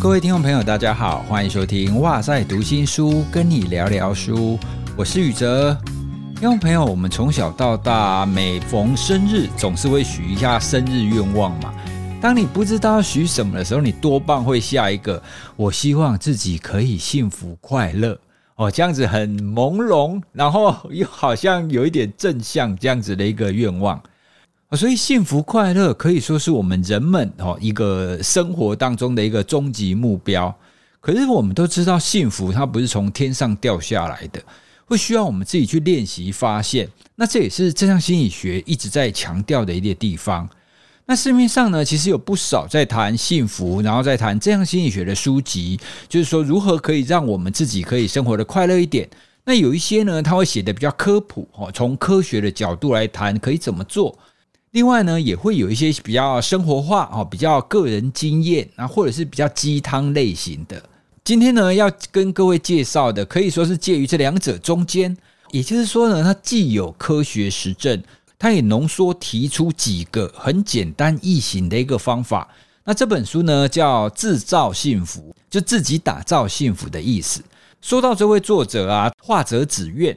各位聽眾朋友，大家好，歡迎收聽《哇塞讀心書》，跟你聊聊書，我是宇哲。聽眾朋友，我們從小到大，每逢生日總是會許一下生日願望嘛。當你不知道許什麼的時候，你多半會下一個“我希望自己可以幸福快樂”。哦，這樣子很朦朧，然後又好像有一點正向，這樣子的一個願望。啊，所以幸福快樂可以說是我們人們哦一個生活當中的一個終極目標。可是我們都知道，幸福它不是從天上掉下來的，會需要我們自己去練習發現。那這也是正向心理學一直在強調的一個地方。那市面上呢，其實有不少在談幸福，然後在談正向心理學的書籍，就是說如何可以讓我們自己可以生活的快樂一點。那有一些呢，他會寫的比較科普哦，從科學的角度來談，可以怎麼做。另外呢，也會有一些比較生活化哦，比較個人經驗啊，或者是比較雞湯類型的。今天呢，要跟各位介紹的，可以說是介於這兩者中間。也就是說呢，它既有科學實證，它也濃縮提出幾個很簡單易行的一個方法。那這本書呢，叫《自造幸福》，就自己打造幸福的意思。說到這位作者啊，樺澤紫苑，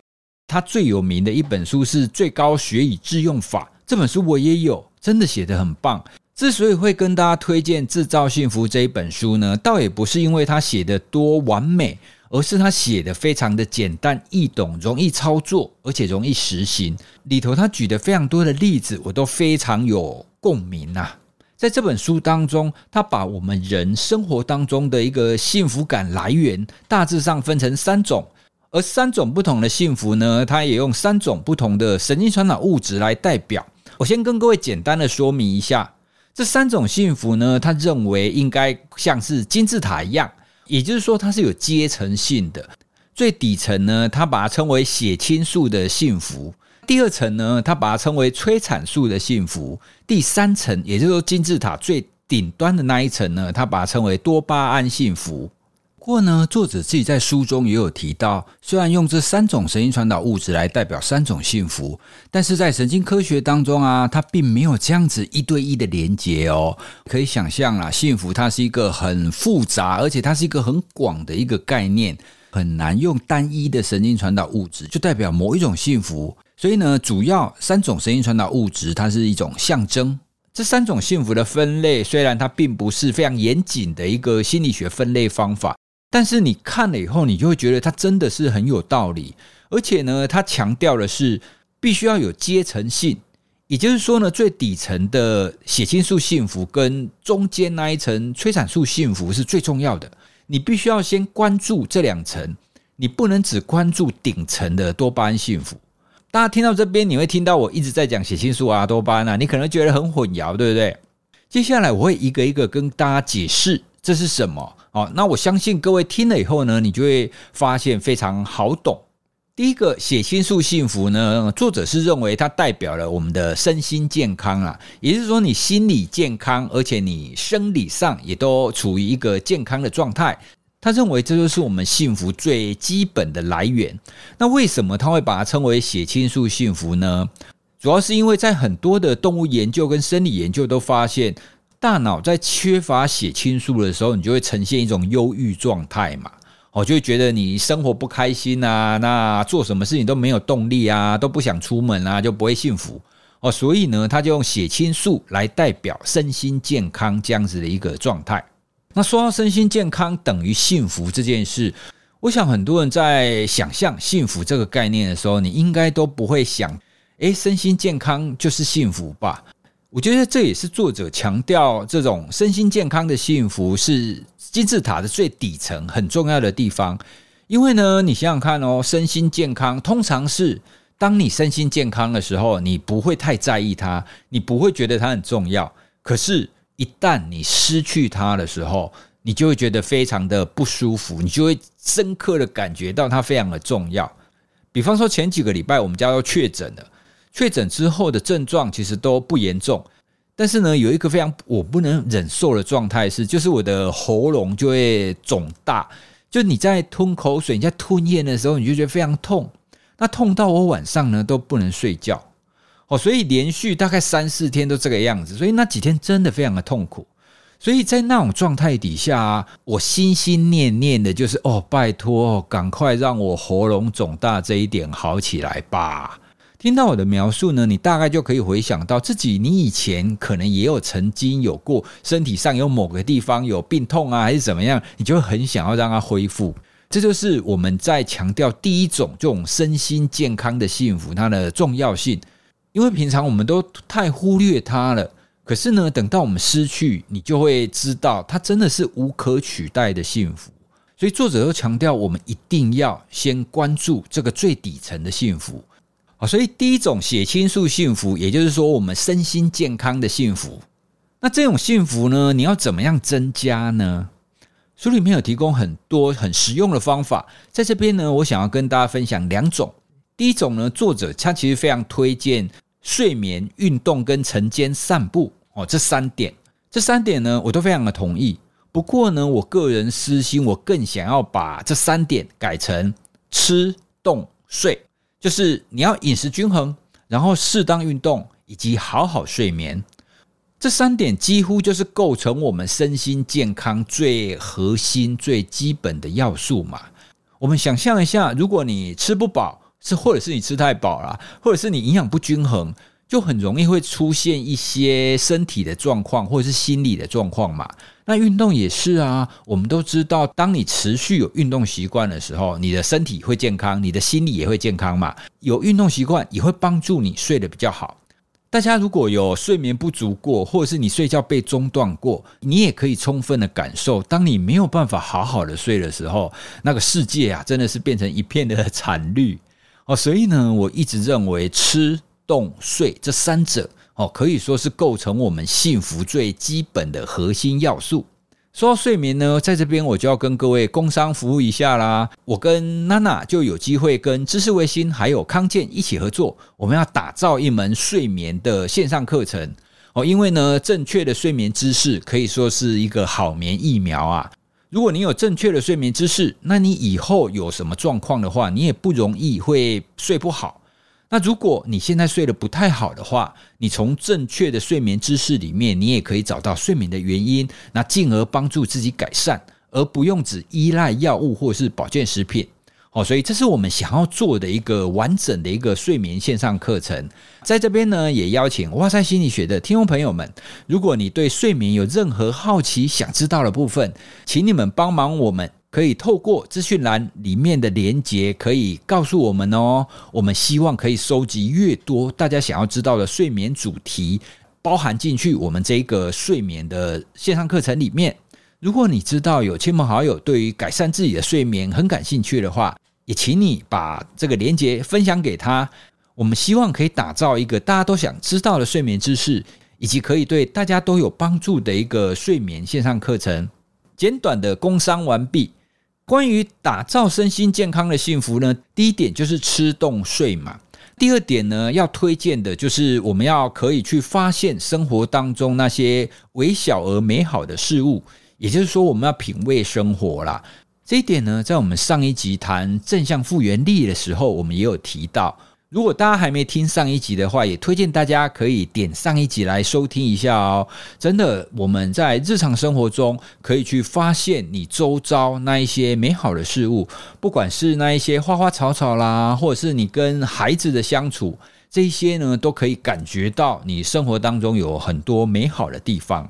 他最有名的一本書是《最高學以致用法》。這本書我也有，真的寫得很棒。之所以會跟大家推薦《製造幸福》這一本書呢，倒也不是因為它寫的多完美，而是它寫的非常的簡單易懂、容易操作，而且容易實行。裡頭他舉的非常多的例子，我都非常有共鳴啊。在這本書當中，他把我們人生活當中的一個幸福感來源大致上分成三種，而三種不同的幸福呢，他也用三種不同的神經傳導物質來代表。我先跟各位簡單的說明一下，這三種幸福呢，他認為應該像是金字塔一樣，也就是說它是有階層性的。最底層呢，他把它稱為血清素的幸福；第二層呢，他把它稱為催產素的幸福；第三層，也就是說金字塔最頂端的那一層呢，他把它稱為多巴胺幸福。不過呢，作者自己在書中也有提到，雖然用這三種神經傳導物質來代表三種幸福，但是在神經科學當中啊，它並沒有這樣子一對一的連接哦。可以想象啦，幸福它是一個很複雜，而且它是一個很廣的一個概念，很難用單一的神經傳導物質就代表某一種幸福。所以呢，主要三種神經傳導物質，它是一種象徵。這三種幸福的分類，雖然它並不是非常嚴謹的一個心理學分類方法。但是你看了以後，你就會覺得它真的是很有道理。而且呢，它強調的是必須要有階層性，也就是說呢，最底層的血清素幸福跟中間那一層催產素幸福是最重要的。你必須要先關注這兩層，你不能只關注頂層的多巴胺幸福。大家聽到這邊，你會聽到我一直在講血清素啊、多巴胺啊，你可能覺得很混淆，對不對？接下來我會一個一個跟大家解釋這是什麼。哦，那我相信各位聽了以後呢，你就會發現非常好懂。第一個血清素幸福呢，作者是認為它代表了我們的身心健康啊，也就是說你心理健康，而且你生理上也都處於一個健康的狀態，他認為這就是我們幸福最基本的來源。那為什麼他會把它稱為血清素幸福呢？主要是因為在很多的動物研究跟生理研究都發現。大腦在缺乏血清素的時候，你就會呈現一種憂鬱狀態嘛，哦，就會覺得你生活不開心啊，那做什麼事情都沒有動力啊，都不想出門啊，就不會幸福哦。所以呢，他就用血清素來代表身心健康這樣子的一個狀態。那說到身心健康等於幸福這件事，我想很多人在想象幸福這個概念的時候，你應該都不會想，誒，身心健康就是幸福吧？我覺得這也是作者強調這種身心健康的幸福是金字塔的最底層，很重要的地方，因為呢，你想想看哦，身心健康通常是當你身心健康的時候，你不會太在意它，你不會覺得它很重要。可是，一旦你失去它的時候，你就會覺得非常的不舒服，你就會深刻的感覺到它非常的重要。比方說，前幾個禮拜我們家都確診了。確診之後的症狀其實都不嚴重，但是呢，有一個非常我不能忍受的狀態是，就是我的喉嚨就會腫大，就你在吞口水，你在吞嚥的時候，你就覺得非常痛，那痛到我晚上呢都不能睡覺哦，所以連續大概三四天都這個樣子，所以那幾天真的非常的痛苦，所以在那種狀態底下，啊，我心心念念的就是哦，拜托趕快讓我喉嚨腫大這一點好起來吧。聽到我的描述呢，你大概就可以回想到自己，你以前可能也有曾經有過身體上有某個地方有病痛啊，還是怎麼樣，你就會很想要讓它恢復。這就是我們在強調第一種這種身心健康的幸福，它的重要性，因為平常我們都太忽略它了。可是呢，等到我們失去，你就會知道它真的是無可取代的幸福。所以作者都強調，我們一定要先關注這個最底層的幸福。啊，所以第一種血清素幸福，也就是說我們身心健康的幸福。那這種幸福呢，你要怎麼樣增加呢？書裡面有提供很多很實用的方法，在這邊呢，我想要跟大家分享兩種。第一種呢，作者他其實非常推薦睡眠、運動跟晨間散步哦，這三點。這三點呢，我都非常的同意。不過呢，我個人私心，我更想要把這三點改成吃、動、睡。就是你要飲食均衡，然後適當運動，以及好好睡眠，這三點幾乎就是構成我們身心健康最核心、最基本的要素嘛。我們想象一下，如果你吃不飽，是或者是你吃太飽了，或者是你營養不均衡。就很容易會出現一些身體的狀況或者是心理的狀況嘛。那運動也是啊，我們都知道，當你持續有運動習慣的時候，你的身體會健康，你的心理也會健康嘛。有運動習慣也會幫助你睡得比較好。大家如果有睡眠不足過，或者是你睡覺被中斷過，你也可以充分的感受，當你沒有辦法好好的睡的時候，那個世界啊，真的是變成一片的慘綠哦。所以呢，我一直認為吃。動睡這三者哦，可以說是構成我們幸福最基本的核心要素。說到睡眠呢，在這邊我就要跟各位工商服務一下啦。我跟娜娜就有機會跟知識衛星還有康健一起合作，我們要打造一門睡眠的線上課程哦。因為呢，正確的睡眠知識可以說是一個好眠疫苗啊。如果你有正確的睡眠知識，那你以後有什麼狀況的話，你也不容易會睡不好。那如果你現在睡得不太好的話，你從正確的睡眠知識裡面，你也可以找到睡眠的原因，那進而幫助自己改善，而不用只依賴藥物或是保健食品。好、哦，所以這是我們想要做的一個完整的一個睡眠線上課程。在這邊呢，也邀請哇賽心理學的聽眾朋友們，如果你對睡眠有任何好奇、想知道的部分，請你們幫忙我們。可以透過資訊欄裡面的連結，可以告訴我們哦。我們希望可以收集越多大家想要知道的睡眠主題，包含進去我們這個睡眠的線上課程裡面。如果你知道有親朋好友對於改善自己的睡眠很感興趣的話，也請你把這個連結分享給他。我們希望可以打造一個大家都想知道的睡眠知識，以及可以對大家都有幫助的一個睡眠線上課程。簡短的工商完畢。關於打造身心健康的幸福呢，第一點就是吃動睡嘛。第二點呢，要推薦的就是我們要可以去發現生活當中那些微小而美好的事物，也就是說我們要品味生活啦。這一點呢，在我們上一集談正向復原力的時候，我們也有提到。如果大家還沒聽上一集的話，也推薦大家可以點上一集來收聽一下哦。真的，我們在日常生活中可以去發現你周遭那一些美好的事物，不管是那一些花花草草啦，或者是你跟孩子的相處，這些呢都可以感覺到你生活當中有很多美好的地方。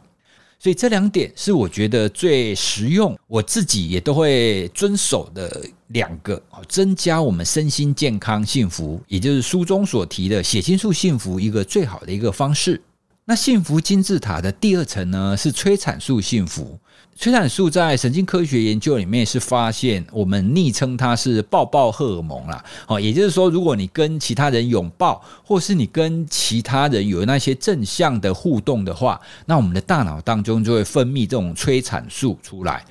所以這兩點是我覺得最實用，我自己也都會遵守的兩個增加我們身心健康、幸福，也就是書中所提的血清素幸福一個最好的一個方式。那幸福金字塔的第二層呢，是催產素幸福。催產素在神經科學研究裡面是發現，我們昵稱它是“抱抱荷爾蒙”啦，哦，也就是說，如果你跟其他人擁抱，或是你跟其他人有那些正向的互動的話，那我們的大腦當中就會分泌這種催產素出來。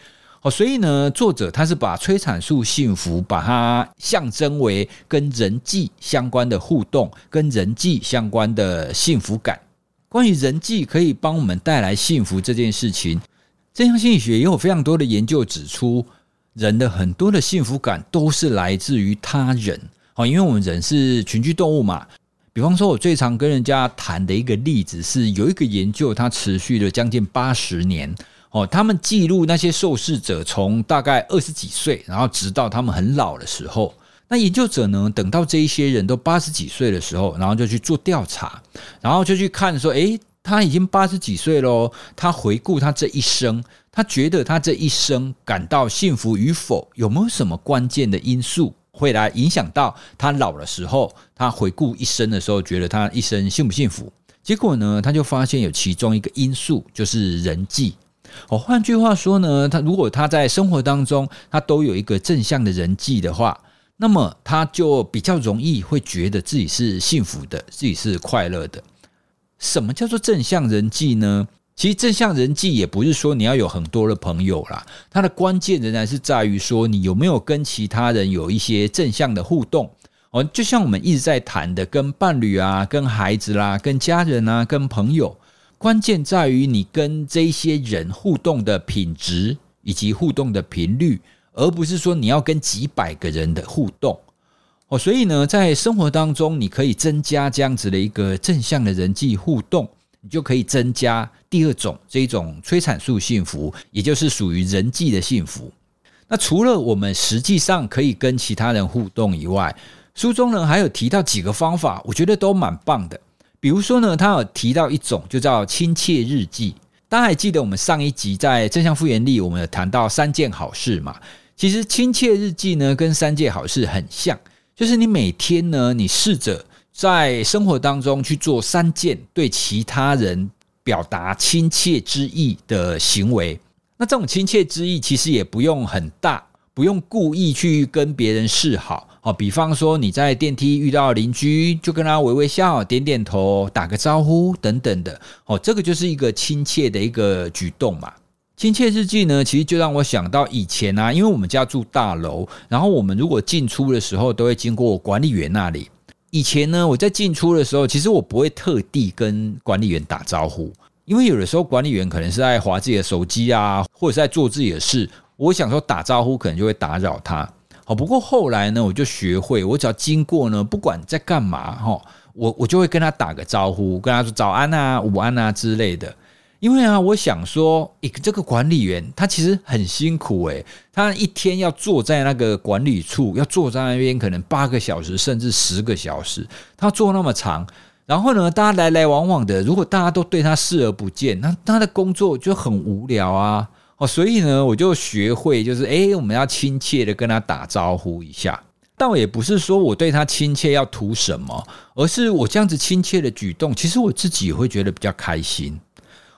哦，所以呢，作者他是把催產素幸福把它象徵為跟人際相關的互動，跟人際相關的幸福感。關於人際可以幫我們帶來幸福這件事情。正向心理學也有非常多的研究指出，人的很多的幸福感都是來自於他人。好，因為我們人是群居動物嘛。比方說，我最常跟人家談的一個例子是，有一個研究，它持續了將近八十年。哦，他們記錄那些受試者從大概二十幾歲，然後直到他們很老的時候。那研究者呢，等到這一些人都八十幾歲的時候，然後就去做調查，然後就去看說，哎。他已經八十幾歲嘍，他回顧他這一生，他覺得他這一生感到幸福與否，有沒有什麼關鍵的因素會來影響到他老的時候？他回顧一生的時候，覺得他一生幸不幸福？結果呢，他就發現有其中一個因素就是人際。哦，換句話說呢，他如果他在生活當中他都有一個正向的人際的話，那麼他就比較容易會覺得自己是幸福的，自己是快樂的。什麼叫做正向人際呢？其實正向人際也不是說你要有很多的朋友啦，它的關鍵仍然是在於說你有沒有跟其他人有一些正向的互動。哦，就像我們一直在談的，跟伴侶啊、跟孩子啦、啊、跟家人啊、跟朋友，關鍵在於你跟這一些人互動的品質以及互動的頻率，而不是說你要跟幾百個人的互動。哦，所以呢，在生活當中，你可以增加這樣子的一個正向的人際互動，你就可以增加第二種這一種催產素幸福，也就是屬於人際的幸福。那除了我們實際上可以跟其他人互動以外，書中呢還有提到幾個方法，我覺得都蠻棒的。比如說呢，他有提到一種就叫親切日記。大家還記得我們上一集在正向復原力，我們有談到三件好事嘛？其實親切日記呢，跟三件好事很像。就是你每天呢，你試着在生活當中去做三件對其他人表達親切之意的行為。那這種親切之意其實也不用很大，不用故意去跟別人示好。哦，比方說你在電梯遇到鄰居，就跟他微微笑、點點頭、打個招呼等等的。哦，這個就是一個親切的一個舉動嘛。親切日記呢，其實就讓我想到以前啊，因為我們家住大樓，然後我們如果進出的時候，都會經過我管理員那裡。以前呢，我在進出的時候，其實我不會特地跟管理員打招呼，因為有的時候管理員可能是在滑自己的手機啊，或者是在做自己的事。我想說打招呼，可能就會打擾他。好，不過後來呢，我就學會，我只要經過呢，不管在幹嘛哈，我我就會跟他打個招呼，跟他說早安啊、午安啊之類的。因為啊，我想說，一、欸、這個管理員他其實很辛苦誒、欸、他一天要坐在那個管理處，要坐在那邊可能八個小時甚至十個小時，他坐那麼長，然後呢，大家來來往往的，如果大家都對他視而不見，那他的工作就很無聊啊。哦，所以呢，我就學會就是，哎、欸，我們要親切的跟他打招呼一下，倒也不是說我對他親切要圖什麼，而是我這樣子親切的舉動，其實我自己也會覺得比較開心。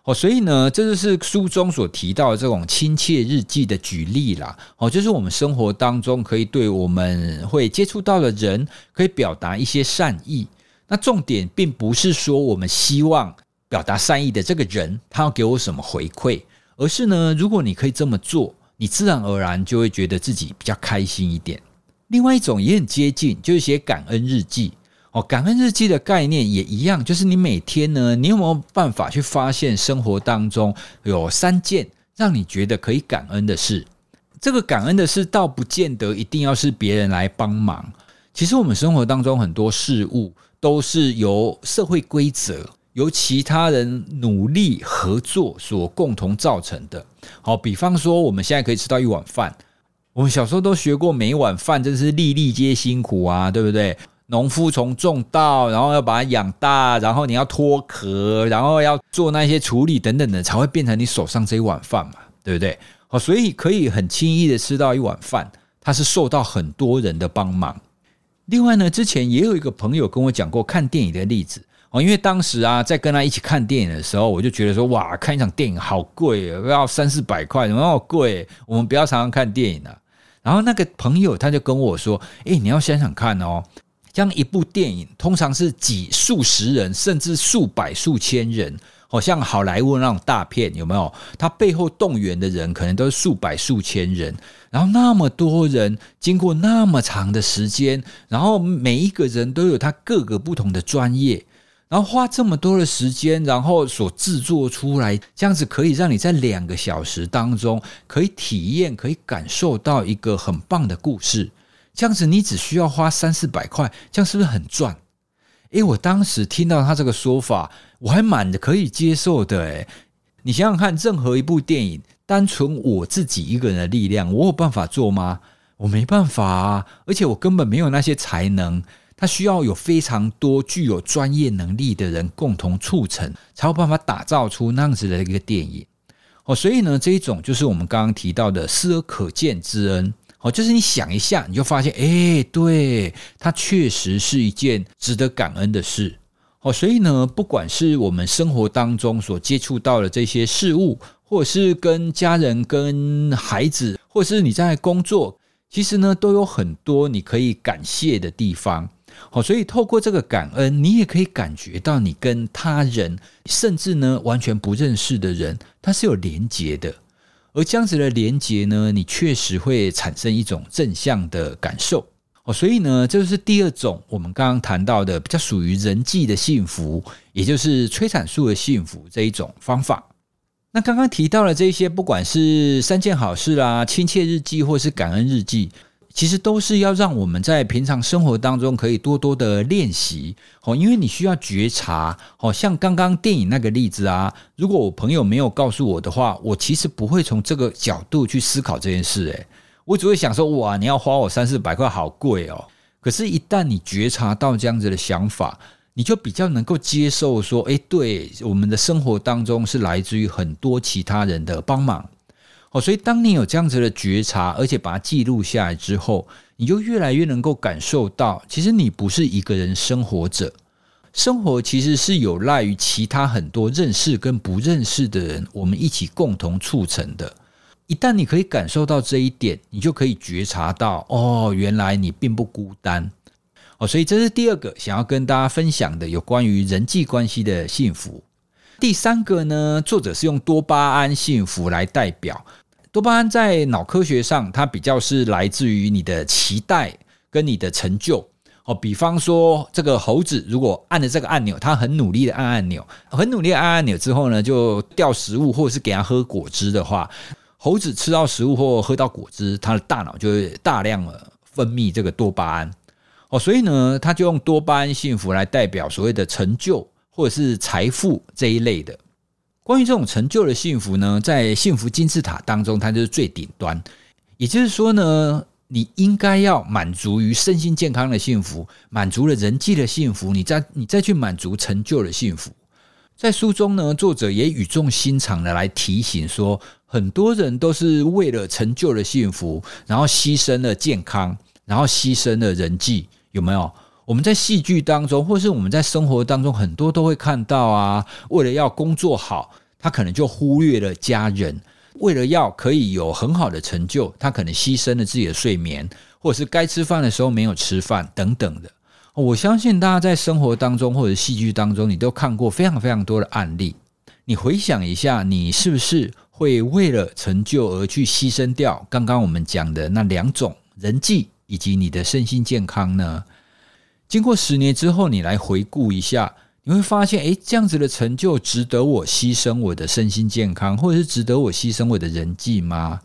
哦，所以呢，這就是書中所提到的這種親切日記的舉例啦。哦，就是我們生活當中可以對我們會接觸到的人，可以表達一些善意。那重點並不是說我們希望表達善意的這個人，他要給我什麼回饋，而是呢，如果你可以這麼做，你自然而然就會覺得自己比較開心一點。另外一種也很接近，就是寫感恩日記。哦，感恩日記的概念也一樣，就是你每天呢，你有沒有辦法去發現生活當中有三件讓你覺得可以感恩的事？這個感恩的事倒不見得一定要是別人來幫忙。其實我們生活當中很多事物都是由社會規則、由其他人努力合作所共同造成的。好，比方說我們現在可以吃到一碗飯，我們小時候都學過，每一碗飯真是粒粒皆辛苦啊，對不對？農夫從種稻，然後要把它養大，然後你要脫殼，然後要做那些處理等等的，才會變成你手上這一碗飯嘛，對不對？好，所以可以很輕易的吃到一碗飯，它是受到很多人的幫忙。另外呢，之前也有一個朋友跟我講過看電影的例子哦，因為當時啊，在跟他一起看電影的時候，我就覺得說，哇，看一場電影好貴，要三四百塊，怎麼那麼貴？我們不要常常看電影了。然後那個朋友他就跟我說，誒，你要想想看哦。這樣一部電影，通常是幾、數十人，甚至數百、數千人，好、哦、像好萊塢那種大片，有沒有？它背後動員的人可能都是數百、數千人，然後那麼多人經過那麼長的時間，然後每一個人都有他各個不同的專業，然後花這麼多的時間，然後所制作出來，這樣子可以讓你在兩個小時當中可以體驗、可以感受到一個很棒的故事。這樣子，你只需要花三四百塊，這樣是不是很賺？哎、欸，我當時聽到他這個說法，我還蠻可以接受的、欸。誒你想想看，任何一部電影，單純我自己一個人的力量，我有辦法做嗎？我沒辦法啊！而且我根本沒有那些才能，他需要有非常多具有專業能力的人共同促成，才有辦法打造出那樣子的一個電影。哦，所以呢，這一種就是我們剛剛提到的“施而可見之恩”。哦，就是你想一下，你就發現，哎、欸，對，它確實是一件值得感恩的事。哦，所以呢，不管是我們生活當中所接觸到的這些事物，或者是跟家人、跟孩子，或者是你在工作，其實呢，都有很多你可以感謝的地方。哦，所以透過這個感恩，你也可以感覺到你跟他人，甚至呢，完全不認識的人，它是有連結的。而這樣子的連結呢，你確實會產生一種正向的感受哦，所以呢，這就是第二種我們剛剛談到的比較屬於人際的幸福，也就是催產素的幸福這一種方法。那剛剛提到的這些，不管是三件好事啦、親切日記或是感恩日記。其實都是要讓我們在平常生活當中可以多多的練習，好、哦，因為你需要覺察。好像剛剛電影那個例子啊，如果我朋友沒有告訴我的話，我其實不會從這個角度去思考這件事。哎，我只會想說哇，你要花我三四百塊，好貴哦。可是，一旦你覺察到這樣子的想法，你就比較能夠接受說，哎，對，我們的生活當中是來自於很多其他人的幫忙。哦，所以當你有這樣子的覺察，而且把它記錄下來之後，你就越來越能夠感受到，其實你不是一個人生活著，生活其實是有賴於其他很多認識跟不認識的人，我們一起共同促成的。一旦你可以感受到這一點，你就可以覺察到，哦，原來你並不孤單。哦，所以這是第二個想要跟大家分享的有關於人際關係的幸福。第三個呢，作者是用多巴胺幸福來代表。多巴胺在腦科學上，它比較是來自於你的期待跟你的成就哦。比方說，這個猴子如果按了這個按鈕，它很努力的按按鈕，很努力的按按鈕之後呢，就掉食物或者是給它喝果汁的話，猴子吃到食物或喝到果汁，它的大腦就會大量的分泌這個多巴胺哦。所以呢，它就用多巴胺幸福來代表所謂的成就或者是財富這一類的。關於這種成就的幸福呢，在幸福金字塔當中，它就是最頂端。也就是說呢，你應該要滿足於身心健康的幸福，滿足了人際的幸福，你再你再去滿足成就的幸福。在書中呢，作者也語重心長的來提醒說，很多人都是為了成就的幸福，然後犧牲了健康，然後犧牲了人際，有沒有？我們在戲劇當中，或是我們在生活當中，很多都會看到啊。為了要工作好，他可能就忽略了家人；為了要可以有很好的成就，他可能犧牲了自己的睡眠，或者是該吃飯的時候沒有吃飯等等的。我相信大家在生活當中或者戲劇當中，你都看過非常非常多的案例。你回想一下，你是不是會為了成就而去犧牲掉剛剛我們講的那兩種人際以及你的身心健康呢？經過十年之後，你來回顧一下，你會發現，哎，這樣子的成就值得我犧牲我的身心健康，或者是值得我犧牲我的人際嗎？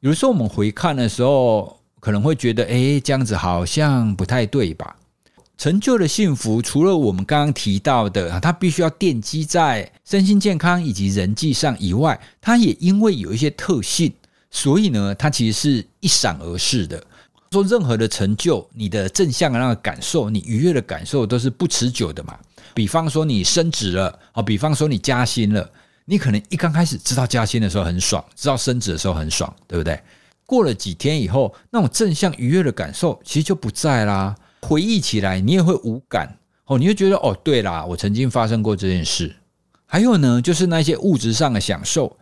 有時候我們回看的時候，可能會覺得，哎，這樣子好像不太對吧？成就的幸福，除了我們剛剛提到的，它必須要奠基在身心健康以及人際上以外，它也因為有一些特性，所以呢，它其實是一閃而逝的。做任何的成就，你的正向的那個感受，你愉悅的感受都是不持久的嘛。比方說你升職了，哦，比方說你加薪了，你可能一剛開始知道加薪的時候很爽，知道升職的時候很爽，對不對？過了幾天以後，那種正向愉悅的感受其實就不在啦。回憶起來，你也會無感哦，你就覺得哦，對啦，我曾經發生過這件事。還有呢，就是那些物質上的享受，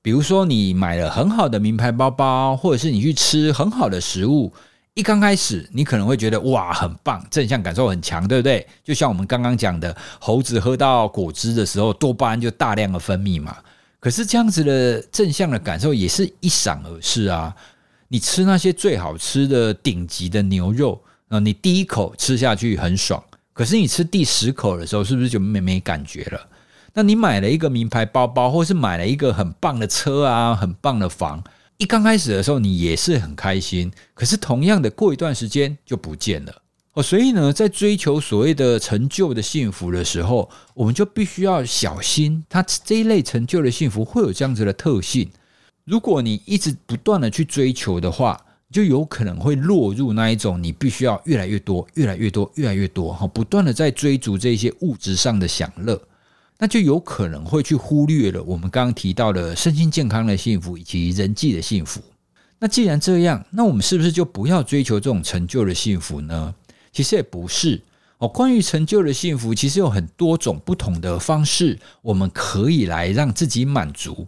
比如說你買了很好的名牌包包，或者是你去吃很好的食物。一剛開始，你可能會覺得哇，很棒，正向感受很強，對不對？就像我們剛剛講的，猴子喝到果汁的時候，多巴胺就大量的分泌嘛。可是這樣子的正向的感受也是一閃而逝啊。你吃那些最好吃的頂級的牛肉啊，那你第一口吃下去很爽，可是你吃第十口的時候，是不是就沒沒感覺了？那你買了一個名牌包包，或是買了一個很棒的車啊，很棒的房？一剛開始的時候，你也是很開心，可是同樣的，過一段時間就不見了哦。所以呢，在追求所謂的成就的幸福的時候，我們就必須要小心，它這一類成就的幸福會有這樣子的特性。如果你一直不斷的去追求的話，就有可能會落入那一種，你必須要越來越多、越來越多、越來越多哈，不斷的在追逐這些物質上的享樂。那就有可能會去忽略了我們剛剛提到的身心健康的幸福，以及人際的幸福。那既然這樣，那我們是不是就不要追求這種成就的幸福呢？其實也不是哦。關於成就的幸福，其實有很多種不同的方式，我們可以來讓自己滿足。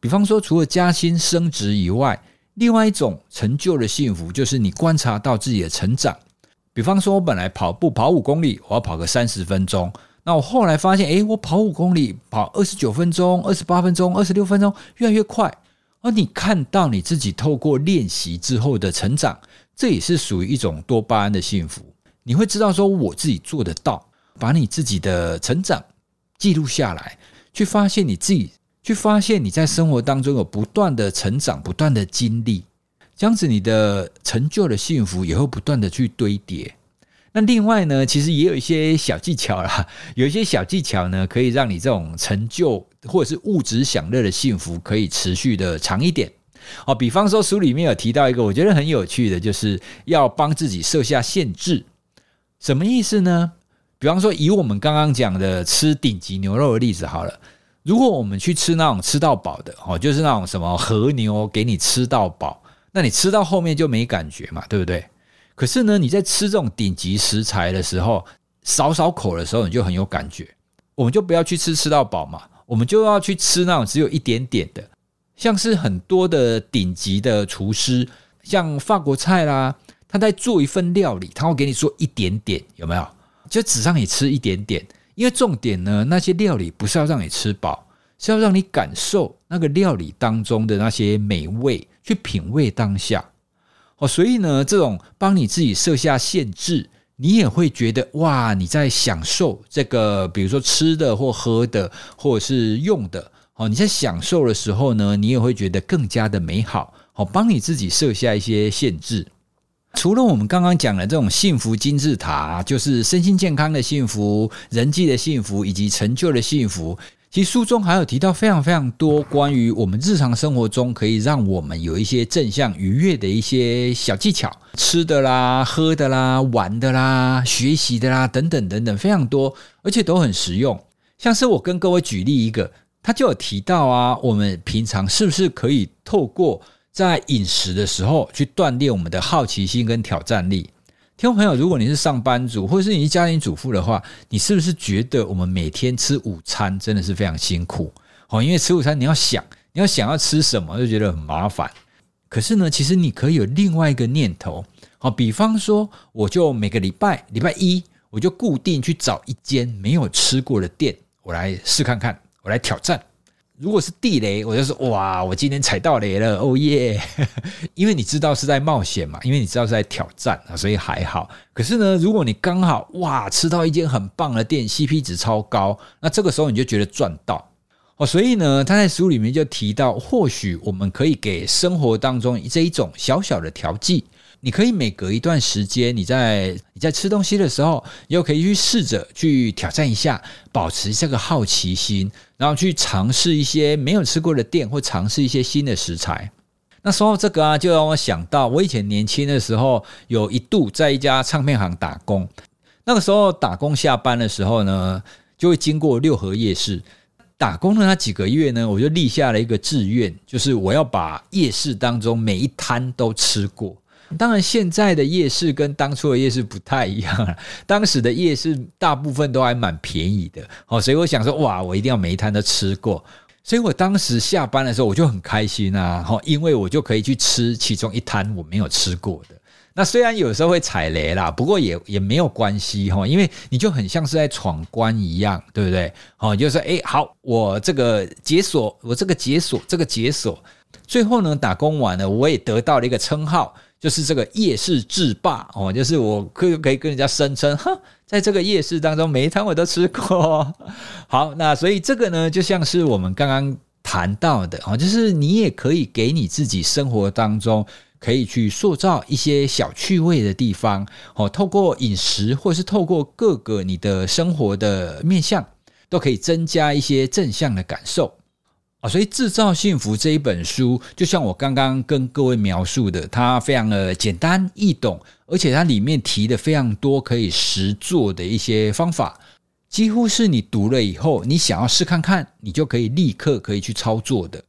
比方說，除了加薪升職以外，另外一種成就的幸福就是你觀察到自己的成長。比方說，我本來跑步跑五公里，我要跑個三十分鐘。那我後來發現，誒，我跑五公里，跑二十九分鐘、二十八分鐘、二十六分鐘，越來越快。而你看到你自己透過練習之後的成長，這也是屬於一種多巴胺的幸福。你會知道說，我自己做得到，把你自己的成長記錄下來，去發現你自己，去發現你在生活當中有不斷的成長、不斷的經歷，這樣子你的成就的幸福也會不斷的去堆疊。那另外呢，其實也有一些小技巧啦，有一些小技巧呢，可以讓你這種成就或者是物質享樂的幸福可以持續的長一點哦。比方說，書裡面有提到一個我覺得很有趣的，就是要幫自己設下限制。什麼意思呢？比方說，以我們剛剛講的吃頂級牛肉的例子好了，如果我們去吃那種吃到飽的哦，就是那種什麼和牛給你吃到飽，那你吃到後面就沒感覺嘛，對不對？可是呢，你在吃這種頂級食材的時候，少少口的時候，你就很有感覺。我們就不要去吃吃到飽嘛，我們就要去吃那種只有一點點的，像是很多的頂級的廚師，像法國菜啦，他在做一份料理，他會給你做一點點，有沒有？就只讓你吃一點點，因為重點呢，那些料理不是要讓你吃飽，是要讓你感受那個料理當中的那些美味，去品味當下。哦，所以呢，這種幫你自己設下限制，你也會覺得哇，你在享受這個，比如說吃的或喝的，或者是用的，你在享受的時候呢，你也會覺得更加的美好。好，幫你自己設下一些限制，除了我們剛剛講的這種幸福金字塔，就是身心健康的幸福、人際的幸福以及成就的幸福。其實書中還有提到非常非常多關於我們日常生活中可以讓我們有一些正向愉悅的一些小技巧，吃的啦、喝的啦、玩的啦、學習的啦等等等等，非常多，而且都很實用。像是我跟各位舉例一個，他就有提到啊，我們平常是不是可以透過在飲食的時候去鍛鍊我們的好奇心跟挑戰力。聽眾朋友，如果你是上班族，或者是你是家庭主婦的話，你是不是覺得我們每天吃午餐真的是非常辛苦？好，因為吃午餐你要想，你要想要吃什麼，就覺得很麻煩。可是呢，其實你可以有另外一個念頭，好，比方說，我就每個禮拜禮拜一，我就固定去找一間沒有吃過的店，我來試看看，我來挑戰。如果是地雷，我就說、是、哇，我今天踩到雷了，哦耶！因為你知道是在冒險嘛，因為你知道是在挑戰啊，所以還好。可是呢，如果你剛好哇吃到一間很棒的店，CP 值超高，那這個時候你就覺得賺到哦。所以呢，他在書裡面就提到，或許我們可以給生活當中這一種小小的調劑。你可以每隔一段時間，你在你在吃東西的時候，你又可以去試着去挑戰一下，保持這個好奇心，然後去嘗試一些沒有吃過的店，或嘗試一些新的食材。那說到這個啊，就讓我想到我以前年輕的時候，有一度在一家唱片行打工。那個時候打工下班的時候呢，就會經過六合夜市。打工的那幾個月呢，我就立下了一個志願，就是我要把夜市當中每一攤都吃過。當然，現在的夜市跟當初的夜市不太一樣。當時的夜市大部分都還蠻便宜的，好，所以我想說，哇，我一定要每一攤都吃過。所以我當時下班的時候，我就很開心啊，哈，因為我就可以去吃其中一攤我沒有吃過的。那雖然有時候會踩雷啦，不過也也沒有關係哈，因為你就很像是在闖關一樣，對不對？哦、就是，就說，哎，好，我這個解鎖，我這個解鎖，這個解鎖，最後呢，打工完了，我也得到了一個稱號。就是這個夜市制霸哦，就是我可可以跟人家聲稱，哼，在這個夜市當中，每一攤我都吃過。好，那所以這個呢，就像是我們剛剛談到的啊，就是你也可以給你自己生活當中可以去塑造一些小趣味的地方哦，透過飲食或是透過各個你的生活的面向，都可以增加一些正向的感受。所以，《自造幸福》這一本書，就像我剛剛跟各位描述的，它非常的簡單易懂，而且它裡面提的非常多可以實做的一些方法，幾乎是你讀了以後，你想要試看看，你就可以立刻可以去操作的。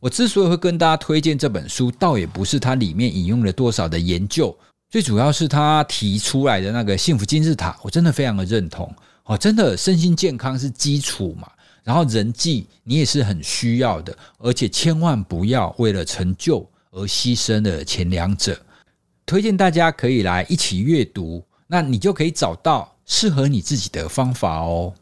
我之所以會跟大家推薦這本書，倒也不是它裡面引用了多少的研究，最主要是它提出來的那個幸福金字塔，我真的非常的認同。哦，真的，身心健康是基礎嘛。然後人際你也是很需要的，而且千萬不要為了成就而犧牲了前兩者。推薦大家可以來一起閱讀，那你就可以找到適合你自己的方法哦。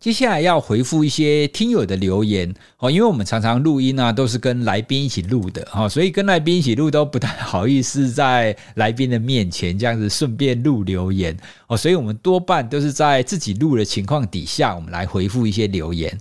接下來要回復一些聽友的留言哦，因為我們常常錄音啊，都是跟來賓一起錄的哈，所以跟來賓一起錄都不太好意思在來賓的面前這樣子順便錄留言哦，所以我們多半都是在自己錄的情況底下，我們來回復一些留言。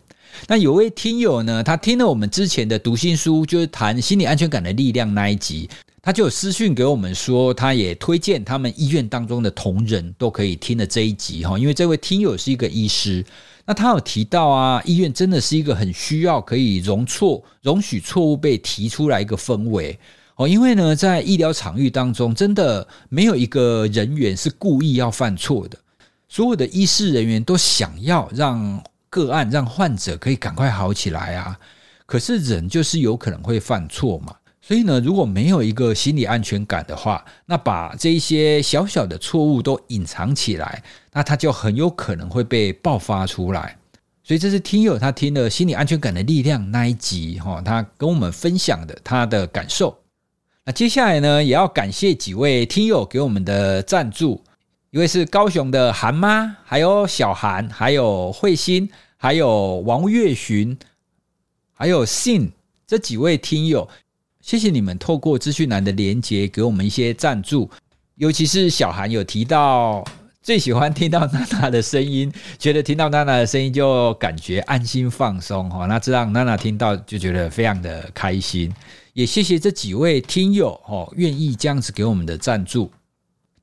那有位聽友呢，他聽了我們之前的讀心書，就是談心理安全感的力量那一集，他就有私訊給我們說，他也推薦他們醫院當中的同仁都可以聽了這一集哈，因為這位聽友是一個醫師。那他有提到啊，醫院真的是一個很需要可以容錯、容許錯誤被提出來一個氛圍哦，因為呢，在醫療場域當中，真的沒有一個人員是故意要犯錯的，所有的醫事人員都想要讓個案、讓患者可以趕快好起來啊。可是人就是有可能會犯錯嘛，所以呢，如果沒有一個心理安全感的話，那把這一些小小的錯誤都隱藏起來。那他就很有可能會被爆發出來，所以這是聽友他聽了《心理安全感的力量》那一集哈，他跟我們分享的他的感受。那接下來呢，也要感謝幾位聽友給我們的贊助，一位是高雄的韓媽，還有小韓，還有慧心，還有王月尋，還有信這幾位聽友，謝謝你們透過資訊欄的連結給我們一些贊助，尤其是小韓有提到。最喜歡聽到娜娜的聲音，覺得聽到娜娜的聲音就感覺安心放鬆。那這讓娜娜聽到就覺得非常的開心。也謝謝這幾位聽友哦，願意這樣子給我們的贊助。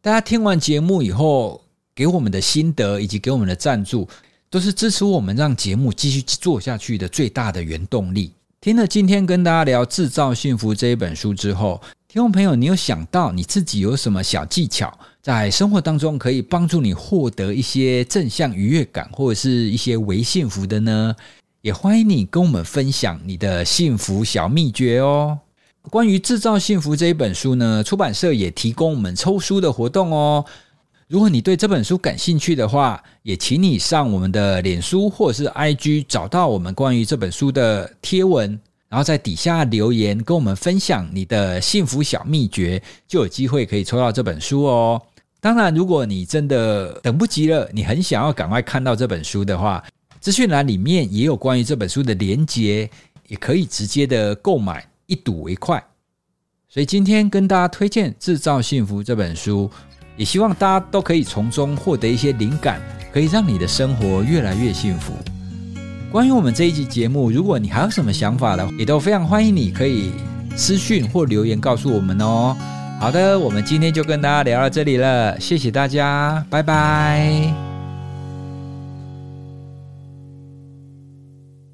大家聽完節目以後，給我們的心得以及給我們的贊助，都是支持我們讓節目繼續做下去的最大的原動力。聽了今天跟大家聊《自造幸福》這一本書之後，聽眾朋友，你有想到你自己有什麼小技巧？在生活當中可以幫助你獲得一些正向愉悅感，或者是一些微幸福的呢，也歡迎你跟我們分享你的幸福小秘訣哦。關於《自造幸福》這一本書呢，出版社也提供我們抽書的活動哦。如果你對這本書感興趣的話，也請你上我們的臉書或者是 IG 找到我們關於這本書的貼文，然後在底下留言跟我們分享你的幸福小秘訣，就有機會可以抽到這本書哦。當然，如果你真的等不及了，你很想要趕快看到這本書的話，資訊欄裡面也有關於這本書的連接，也可以直接的購買一睹為快。所以今天跟大家推薦《自造幸福》這本書，也希望大家都可以從中獲得一些靈感，可以讓你的生活越來越幸福。關於我們這一集節目，如果你還有什麼想法的話，也都非常歡迎，你可以私訊或留言告訴我們哦。好的，我們今天就跟大家聊到這裡了，謝謝大家，拜拜。